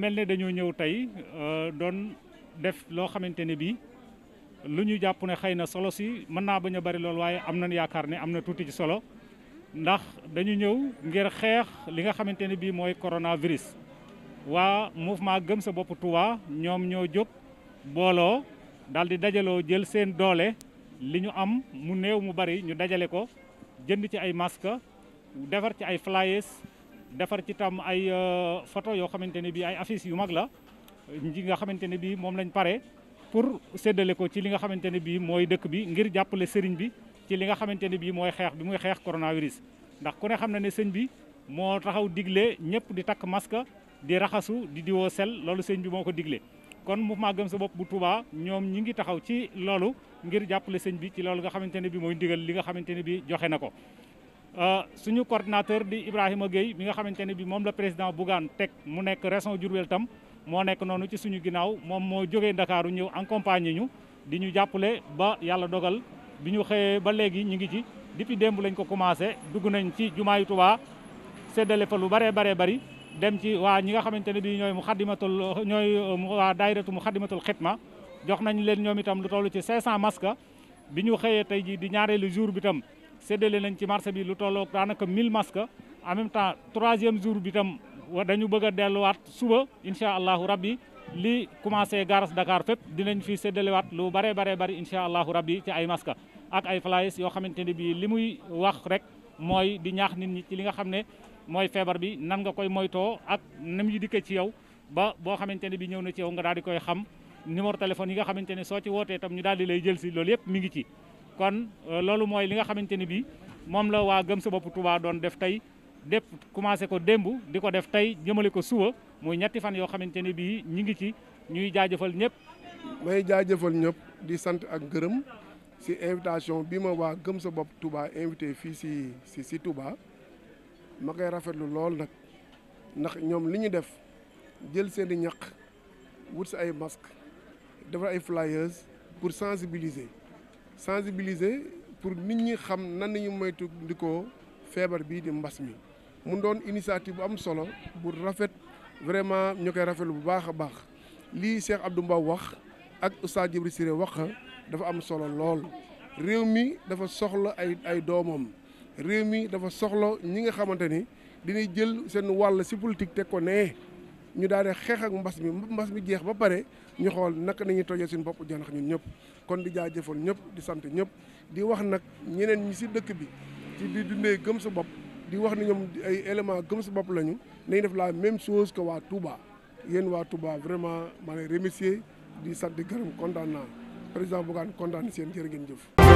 mel ne dañoo ñëw tey euh, doon def loo xamante ne bii lu ñu jàpp ne xëy na solo si mën naa bañ a bari lool waaye am na yaakaar ne am na tuuti ci solo ndax dañu ñëw ngir xeex li nga xamante ne bii mooy coronavirus. waa mouvement gëm sa bopp Touba ñoom ñoo jóg booloo daal di dajaloo jël seen doole li ñu am mu néew mu bari ñu dajale ko jënd ci ay masques defar ci ay flyers. defar ci tam ay euh, photo yoo xamante ne bii ay affiches yu mag la ñi nga xamante ne bii moom lañ pare pour séddale ko ci li nga xamante ne bii mooy dëkk bi ngir jàppale sëriñ bi ci li nga xamante ne bii mooy xeex bi muy xeex coronavirus. ndax ku ne xam na ne sëñ bi moo taxaw digle ñëpp di takk masque di raxasu di diwoo sel loolu sëñ bi moo ko digle kon mu mouvement gëm sa bopp bu Touba ñoom ñi ngi taxaw ci loolu ngir jàppale sëñ bi ci loolu nga xamante ne bii mooy ndigal li nga xamante ne bii joxe na ko. Euh, suñu coordinateur di Ibrahima Gueye mi nga xamante ne bi moom la président Bougane teg mu nekk région Diourbel tam moo nekk noonu ci suñu ginnaaw moom moo jógee Ndakaaru ñëw accompagner ñu di ñu jàppule ba yàlla dogal bi ñu xëyee ba léegi ñu ngi ci depuis démb lañ ko commencé dugg nañ ci jumaayu Tuubaa seddale fa lu bare bare bari dem ci waa ñi nga xamante ne bi ñooy mu xaddimatul ñooy waa daayiratu mu xaddimatul ma jox nañ leen ñoom itam lu toll ci 500 masques bi ñu xëyee tey ji di ñaareelu jour bi tam séddale nañ ci marché bi lu tollook daanaka 1000 masques en même temps troisième jour bi tam wa dañu bëgg a delluwaat suba incha allahu rabbi li commencé garas Dakar fépp dinañ fi séddalewaat lu bare bare bari incha allahu rabbi ci ay maska ak ay flyers yoo xamante ne bii li muy wax rek mooy di ñaax nit ñi ci li nga xam ne mooy feebar bi nan nga koy moytoo ak nam yi dikkee ci yow ba boo xamante ne bii ñëw na ci yow nga daal di koy xam numéro téléphone yi nga xamante ne soo ci wootee tam ñu daal di lay jël si loolu yëpp mi ngi ci. kon euh, loolu mooy li nga xamante ni bii moom la waa gëm sa bopp Touba doon def tey dépp commencé ko démb di ko def tey jëmale ko suba muy ñetti fan yoo xamante ni bii ñu ngi ci ñuy jaajëfal ñëpp. may jaajëfal ñëpp di sant ak gërëm si invitation bii ma waa gëm sa bopp Touba invité fii si si si Touba ma koy rafetlu lool nag ndax ñoom li ñu def jël seen i ñaq wut si ay masques defar ay flyers pour sensibiliser. sensibiliser pour nit ñi xam nan ni ñu moytu ndikoo feebar bii di mbas mi mu doon initiative bu am solo bu rafet vraiment ñu koy rafetlu bu baax a baax lii Cheikh du Mbow wax ak Oustaz Djibril Ciré wax dafa am solo lool réew mi dafa soxla ay ay doomam réew mi dafa soxla ñi nga xamante ni dina jël seen wàll ci politique teg ko nee ñu daal di xeex ak mbas mi mbas mi jeex ba pare ñu xool naka nañuy tojee suñu bopp janax ñu ñëpp kon di jaajëfal ñëpp di sant ñëpp di wax nag ñeneen ñi si dëkk bi ci di dundee gëm sa bopp di wax ni ñoom ay élément gëm sa bopp lañu nañ def laa même chose ko waa Touba yéen waa Touba vraiment ma lay remercier di sant di gërëm kontaan naa président Bougane kontaan seen jërë ngeen jëf